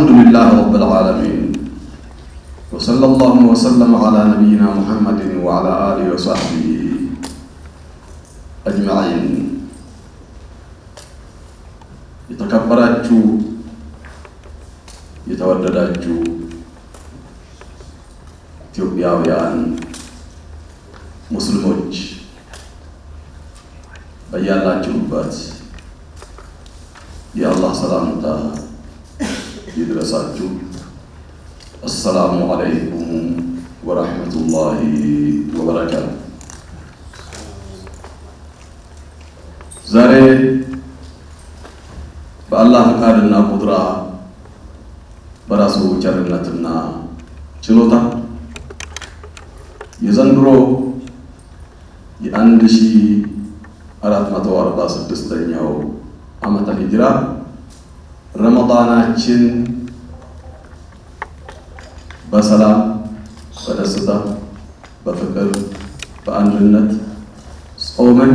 الحمد لله رب العالمين وصلى الله وسلم على نبينا محمد وعلى آله وصحبه أجمعين يتكبرات يتوددات إثيوبيا ويان مسلموج بيالا جنبات يا الله سلامتها ይድረሳችሁ። አሰላሙ አለይኩም ወራህመቱላሂ ወበረካቱ። ዛሬ በአላህ ፈቃድና ቁድራ በራሱ ቸርነትና ችሎታ የዘንድሮ የአንድ ሺህ አራት መቶ አርባ ስድስተኛው ዓመተ ሂጅራ ረመዳናችን በሰላም በደስታ በፍቅር በአንድነት ጾምን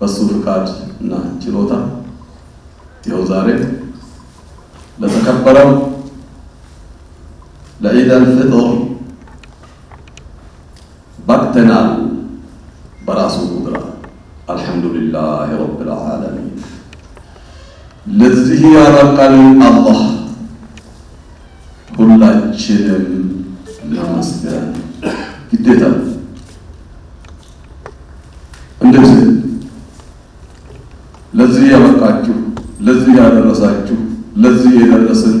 በሱ ፍቃድ እና ችሎታ ይኸው ዛሬ ለተከበረው ለኢድ አልፍጥር በቅተናል። በራሱ ቁጥራ አልሐምዱሊላህ ረብል ዓለሚን ለዚህ ያበቃን አላህ ሁላችንም ለመስገን ግዴታ እንደዚህ ለዚህ ያበቃችሁ፣ ለዚህ ያደረሳችሁ፣ ለዚህ የደረስን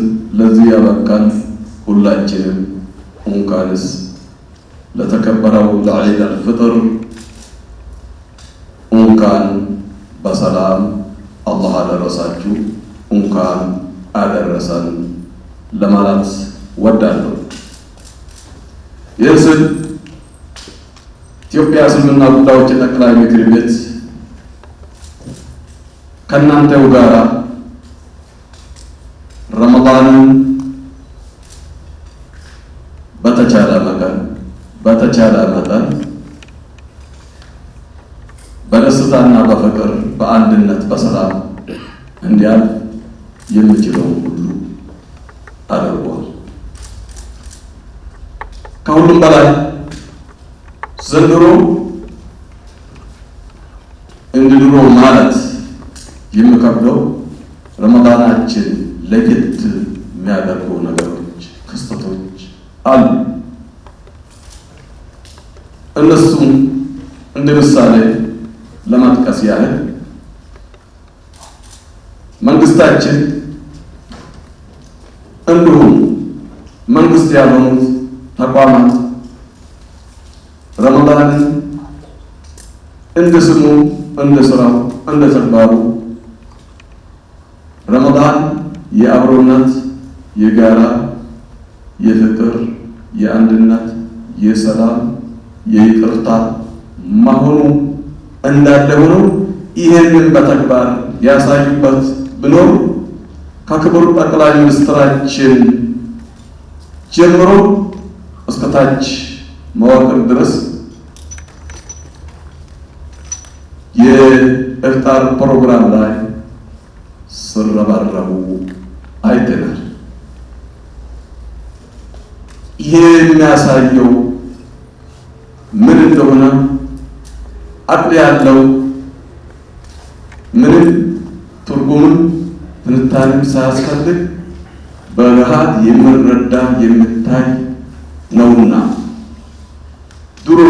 አደረሰን ለማለት ወዳለሁ። ይህ ስል ኢትዮጵያ እስልምና ጉዳዮች የጠቅላይ ምክር ቤት ከእናንተው ጋር ረመዳንን በተቻለ መጠን በተቻለ መጠን በደስታና በፍቅር በአንድነት በሰላም እንዲያል የምችለውን ሁሉ አድርጓል። ከሁሉም በላይ ዘንድሮ እንድድሮ ማለት የሚከብደው ረመዳናችን ለየት የሚያደርጉ ነገሮች፣ ክስተቶች አሉ። እነሱም እንደ ምሳሌ ለመጥቀስ ያህል መንግስታችን እንዲሁም መንግስት ያልሆኑት ተቋማት ረመዳን እንደ ስሙ እንደ ስራው እንደ ተግባሩ ረመዳን የአብሮነት የጋራ የፍቅር የአንድነት የሰላም የይቅርታ መሆኑ እንዳለ ሆኖ ይህንን በተግባር ያሳዩበት ብኖር ከክቡር ጠቅላይ ሚኒስትራችን ጀምሮ እስከታች መዋቅር ድረስ የእፍጣር ፕሮግራም ላይ ስረባረቡ አይተናል። ይሄ የሚያሳየው ምን እንደሆነ አቅል ያለው ምንም ትርጉምን ትንታኔም ሳያስፈልግ በገሃድ የሚረዳ የሚታይ ነውና ድሮ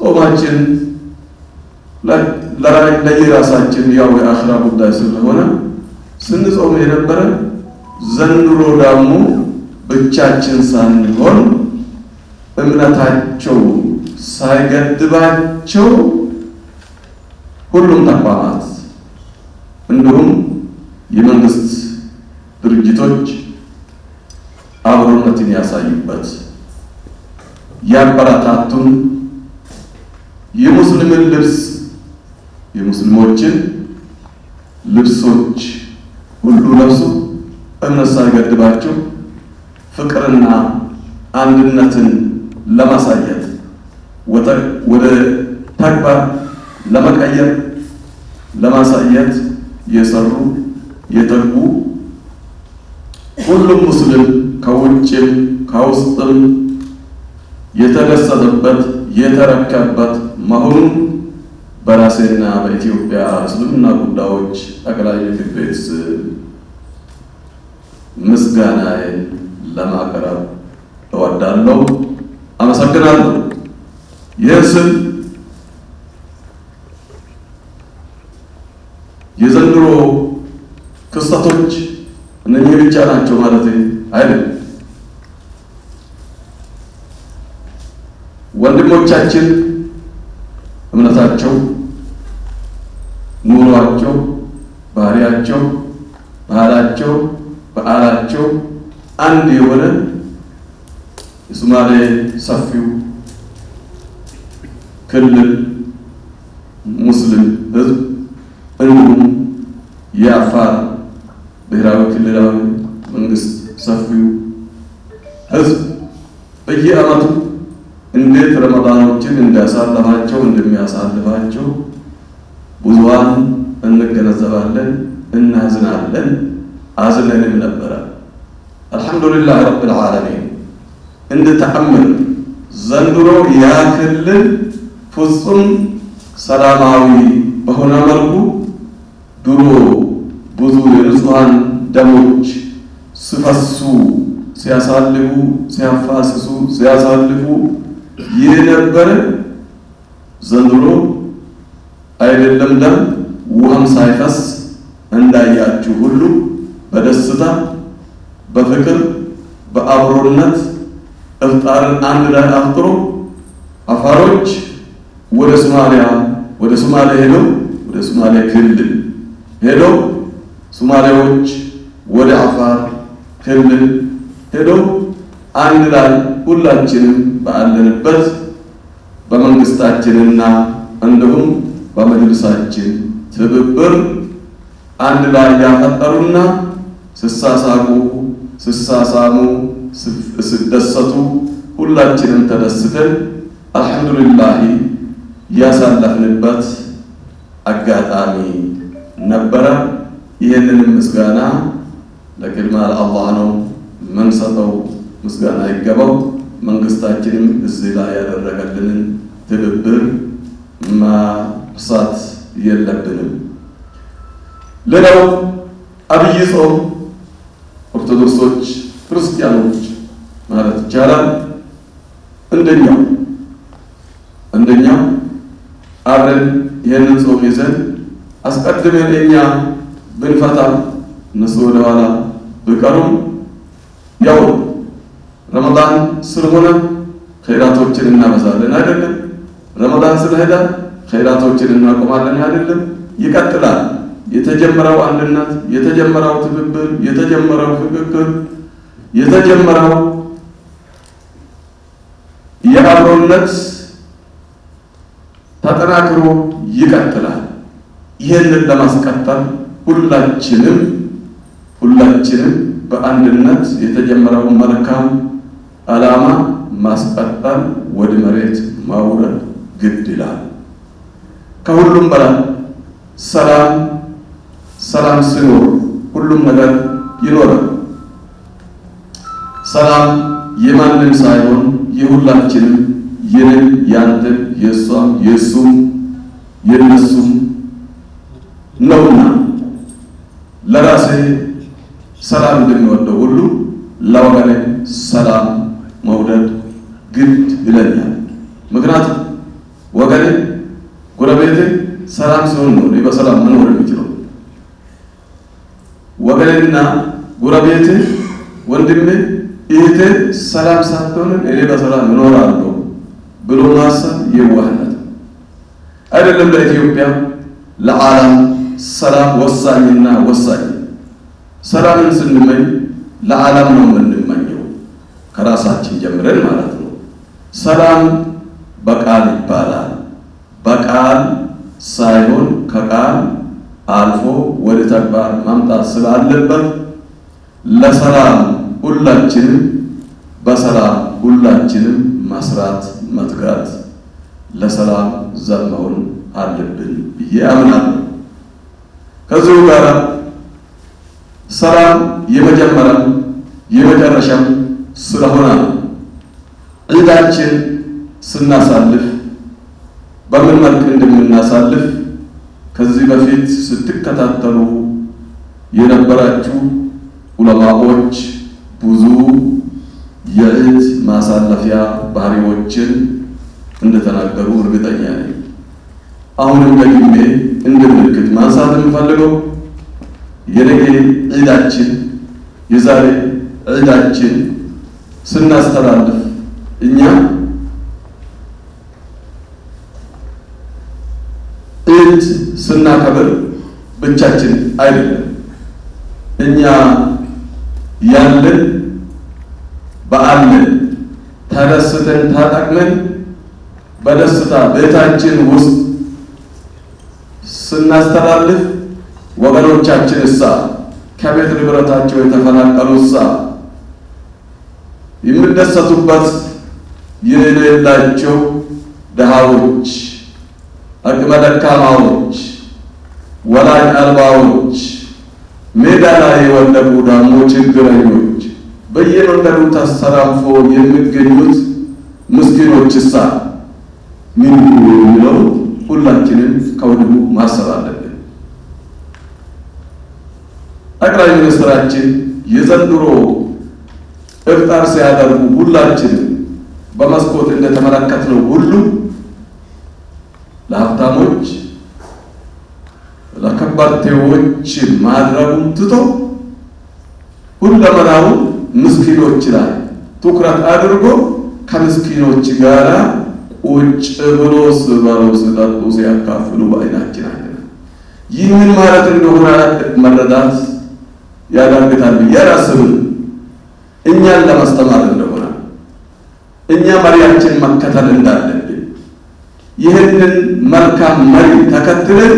ጾማችን ለየራሳችን ያው የአኽራ ጉዳይ ስለሆነ ስንጾም የነበረ ዘንድሮ ደግሞ ብቻችን ሳንሆን እምነታቸው ሳይገድባቸው ሁሉም ተቋማት እንዲሁም የመንግስት ድርጅቶች አብሮነትን ያሳዩበት ያበረታቱን የሙስሊምን ልብስ የሙስሊሞችን ልብሶች ሁሉ ለብሱ እምነት ሳይገድባችሁ ፍቅርና አንድነትን ለማሳየት ወደ ተግባር ለመቀየር ለማሳየት የሰሩ የጠጉ ሁሉም ሙስሊም ከውጭም ከውስጥም የተደሰተበት የተረከበት መሆኑን በራሴና በኢትዮጵያ እስልምና ጉዳዮች ጠቅላይ ምክር ቤት ምስጋናዬን ለማቅረብ እወዳለሁ። አመሰግናለሁ። ይህ ስም የዘንድሮ ክስተቶች እነኚህ ብቻ ናቸው ማለት አይደል? ወንድሞቻችን እምነታቸው፣ ኑሯቸው፣ ባህሪያቸው፣ ባህላቸው፣ በዓላቸው አንድ የሆነ የሶማሌ ሰፊው ክልል በየዓመቱ እንዴት ረመዳኖችን እንዳሳለፋቸው እንደሚያሳልፋቸው ብዙዋን እንገነዘባለን፣ እናዝናለን፣ አዝነንም ነበረ። አልሐምዱሊላህ ረብል ዓለሚን እንደ ተአምር ዘንድሮ ያ ክልል ፍጹም ሰላማዊ በሆነ መልኩ ድሮ ብዙ የንጹሐን ደሞች ስፈሱ ሲያሳልፉ፣ ሲያፋስሱ፣ ሲያሳልፉ ይህ ነበረ። ዘንድሮ አይደለም ደም ውሃም ሳይፈስ እንዳያችሁ ሁሉ በደስታ በፍቅር በአብሮነት እፍጣርን አንድ ላይ አፍጥሮ አፋሮች ወደ ሶማሊያ ወደ ሶማሊያ ሄደው ወደ ሶማሌ ክልል ሄደው ሶማሌዎች ወደ አፋር ክልል ሄዶ አንድ ላይ ሁላችንም ባለንበት በመንግስታችንና እንዲሁም በመጅልሳችን ትብብር አንድ ላይ ያፈጠሩና ስሳሳቁ፣ ስሳሳሙ፣ ስደሰቱ ሁላችንም ተደስተን አልሐምዱሊላሂ ያሳለፍንበት አጋጣሚ ነበረ። ይህንንም ምስጋና ለግርማ አላህ ነው። የምንሰጠው ምስጋና ይገባው። መንግስታችንም እዚህ ላይ ያደረገልንን ትብብር መርሳት የለብንም። ሌላው አብይ ጾም ኦርቶዶክሶች፣ ክርስቲያኖች ማለት ይቻላል እንደኛው እንደኛው አብረን ይህንን ጾም ይዘን አስቀድመን እኛ ብንፈታ እነሱ ወደኋላ ቢቀሩም ያው ረመዳን ስለሆነ ኸይራቶችን እናበዛለን አይደለም? ረመዳን ስለሄደ ኸይራቶችን እናቆማለን አይደለም? ይቀጥላል። የተጀመረው አንድነት፣ የተጀመረው ትብብር፣ የተጀመረው ፍቅር፣ የተጀመረው የአብሮነት ተጠናክሮ ይቀጥላል። ይህንን ለማስቀጠል ሁላችንም ሁላችንም በአንድነት የተጀመረውን መልካም ዓላማ ማስቀጠል ወደ መሬት ማውረድ ግድ ይላል። ከሁሉም በላይ ሰላም ሰላም ሲኖር ሁሉም ነገር ይኖራል። ሰላም የማንም ሳይሆን የሁላችንም የኔም፣ ያንተም፣ የእሷም፣ የእሱም፣ የነሱም ነውና ለራሴ ሰላም እንደሚወደው ሁሉ ለወገኔ ሰላም መውደድ ግድ ይለኛል። ምክንያቱም ወገኔ ጎረቤቴ ሰላም ሲሆን ነው እኔ በሰላም መኖር የሚችለው። ወገኔና ጎረቤቴ ወንድሜ እህቴ ሰላም ሳትሆን እኔ በሰላም እኖራለሁ ብሎ ማሰብ የዋህነት አይደለም። ለኢትዮጵያ ለዓለም ሰላም ወሳኝና ወሳኝ ሰላምን ስንመኝ ለዓለም ነው የምንመኘው፣ ከራሳችን ጀምረን ማለት ነው። ሰላም በቃል ይባላል። በቃል ሳይሆን ከቃል አልፎ ወደ ተግባር ማምጣት ስላለበት ለሰላም ሁላችንም በሰላም ሁላችንም መስራት መትጋት፣ ለሰላም ዘመውን አለብን ብዬ አምናለሁ። ከዚሁ ጋር ሰላም የመጀመሪያም የመጨረሻም ስለሆነ ዒዳችን ስናሳልፍ በምን መልክ እንደምናሳልፍ ከዚህ በፊት ስትከታተሉ የነበራችሁ ዑለማዎች ብዙ የዒድ ማሳለፊያ ባህሪዎችን እንደተናገሩ እርግጠኛ ነኝ። አሁንም ደግሜ እንደ ምልክት ማንሳት የምፈልገው የነገ ዒዳችን የዛሬ ዒዳችን ስናስተላልፍ እኛ ዒድ ስናከብር ብቻችን አይደለም። እኛ ያለን በዓልን ተደስተን ታጠቅመን በደስታ ቤታችን ውስጥ ስናስተላልፍ ወገኖቻችን እሳ ከቤት ንብረታቸው የተፈናቀሉ እሳ የምደሰቱበት የሌላቸው ድሃዎች፣ አቅመ ደካማዎች፣ ወላጅ አልባዎች፣ ሜዳ ላይ የወደቁ ደግሞ ችግረኞች በየመንገዱ ተሰራንፎ የሚገኙት ምስኪኖች እሳ ሚሉ የሚለው ሁላችንም ከወዲሁ ማሰብ ጠቅላይ ሚኒስትራችን የዘንድሮ እፍጣር ሲያደርጉ ሁላችንም በመስኮት እንደተመለከትነው ሁሉ ለሀብታሞች ለከበርቴዎች ማድረጉን ትቶ ሁለመናው ምስኪኖች ላይ ትኩረት አድርጎ ከምስኪኖች ጋር ቁጭ ብሎ ስበሉ፣ ስጠጡ ሲያካፍሉ በአይናችን አይተናል። ይህን ማለት እንደሆነ መረዳት ያዳግታል ብዬ አላስብም። እኛን ለማስተማር እንደሆነ እኛ መሪያችን መከተል እንዳለብን ይህንን መልካም መሪ ተከትለን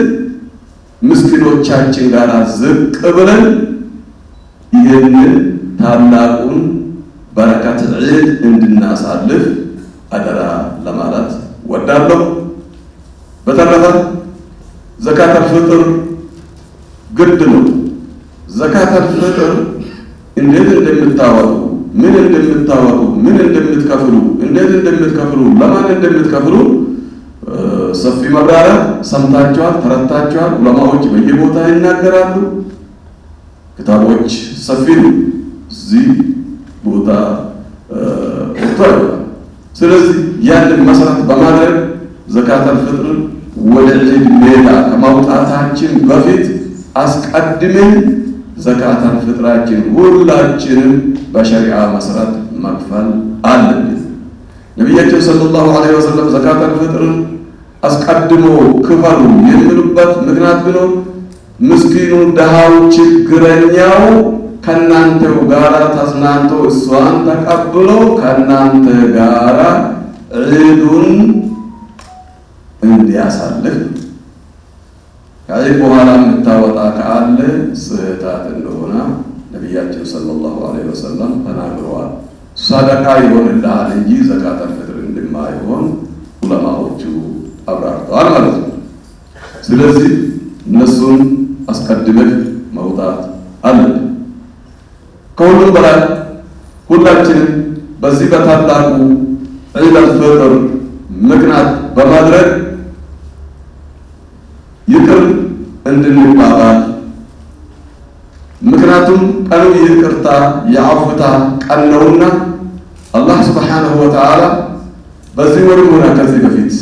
ምስኪኖቻችን ጋር ዝቅ ብለን ይህንን ታላቁን በረከት ዒድ እንድናሳልፍ አደራ ለማለት ወዳለሁ። በተረፈ ዘካተል ፍጥር ግድ ነው። ዘካተል ፍጥር እንዴት እንደምታወጡ ምን እንደምታወጡ ምን እንደምትከፍሉ እንዴት እንደምትከፍሉ ለማን እንደምትከፍሉ ሰፊ መብራሪያ ሰምታችኋል፣ ተረታችኋል። ዑለማዎች በየቦታ ይናገራሉ። ክታቦች ሰፊ ነው። እዚህ ቦታ ወጥቶ ስለዚህ ያንን መሰረት በማድረግ ዘካተል ፍጥር ወደ ሌላ ከማውጣታችን በፊት አስቀድመን ዘካተል ፍጥራችን ሁላችንም በሸሪዓ መሰረት መክፈል አለብን። ነቢያችን ሰለላሁ ዐለይሂ ወሰለም ዘካተል ፍጥርን አስቀድሞ ክፈሉ የሚሉበት ምክንያት ብሎ ምስኪኑ፣ ድሃው፣ ችግረኛው ከእናንተው ጋራ ተዝናንቶ እሷን ተቀብሎ ከእናንተ ጋራ ዒዱን እንዲያሳልፍ ከዚህ በኋላ የምታወጣ ካለ ስህተት እንደሆነ ነቢያችን ሰለላሁ ዐለይሂ ወሰለም ተናግረዋል። ሰደቃ ይሆንልሃል እንጂ ዘካተል ፍጥር እንደማይሆን ዑለማዎቹ አብራርተዋል ማለት ነው። ስለዚህ እነሱን አስቀድመህ መውጣት አለብን። ከሁሉም በላይ ሁላችንም በዚህ በታላቁ ዒደል ፍጥር ምክንያት በማድረግ ይቅር እንድንባባል ምክንያቱም ቀኑ ይቅርታ የአፉታ ቀን ነውና አላህ ስብሓንሁ ወተዓላ በዚህ ወርም ሆነ ከዚህ በፊት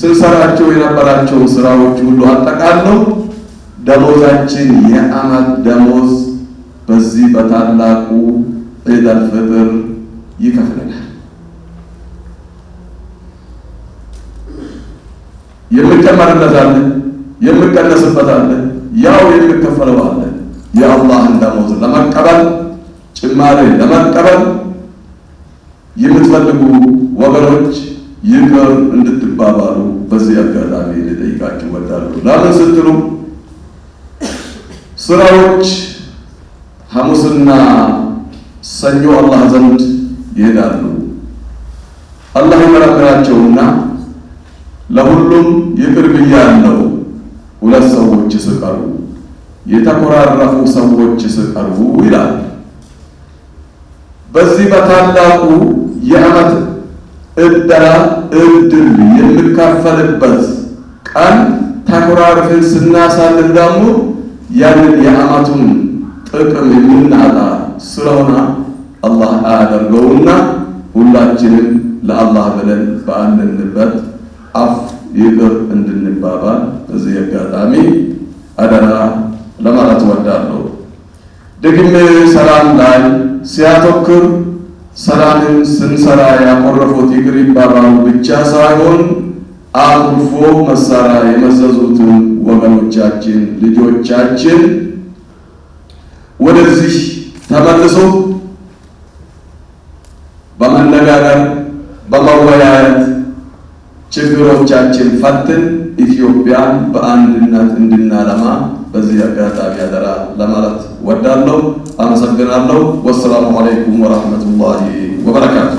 ስንሰራቸው የነበራቸው ስራዎች ሁሉ አጠቃለው ደሞዛችን የአመት ደሞዝ በዚህ በታላቁ ዒድ አልፈጥር ይከፍለናል። የሚጨመርነት አለ፣ የሚቀነስበት አለ፣ ያው የምከፈለው አለ። የአላህን ደመወዝ ለመቀበል ጭማሬ ለመቀበል የምትፈልጉ ወገኖች ይቅር እንድትባባሉ በዚህ አጋጣሚ ልጠይቃችሁ እወዳለሁ። ለምን ስትሉ ስራዎች ሐሙስና ሰኞ አላህ ዘንድ ይሄዳሉ። አላህ ይመረምራቸውና ለሁሉም ይቅር ብያለሁ። ሁለት ሰዎች ስቀሩ የተኮራረፉ ሰዎች ስቀርቡ ይላል። በዚህ በታላቁ የዓመት ዕደላ እድል የምካፈልበት ቀን ተኮራርፈን ስናሳልፍ ደግሞ ያንን የዓመቱን ጥቅም የምናጣ ስለሆነ አላህ አያደርገውና ሁላችንም ለአላህ ብለን በአንድንበት አፍ ይቅር እንድንባባል በዚህ አጋጣሚ አደራ ለማለት ወዳለሁ። ደግሜ ሰላም ላይ ሲያተኩር ሰላምን ስንሰራ ያቆረፉት ይቅር ይባባሉ ብቻ ሳይሆን አኩርፎ መሳሪያ የመዘዙትን ወገኖቻችን ልጆቻችን ወደዚህ ተመልሶ በመነጋገር በመወያየት ችግሮቻችን ፈትን ኢትዮጵያን በአንድነት እንድናለማ በዚህ አጋጣሚ አደራ ለማለት ወዳለሁ። አመሰግናለሁ። ወሰላሙ አለይኩም ወራህመቱላሂ ወበረካቱ።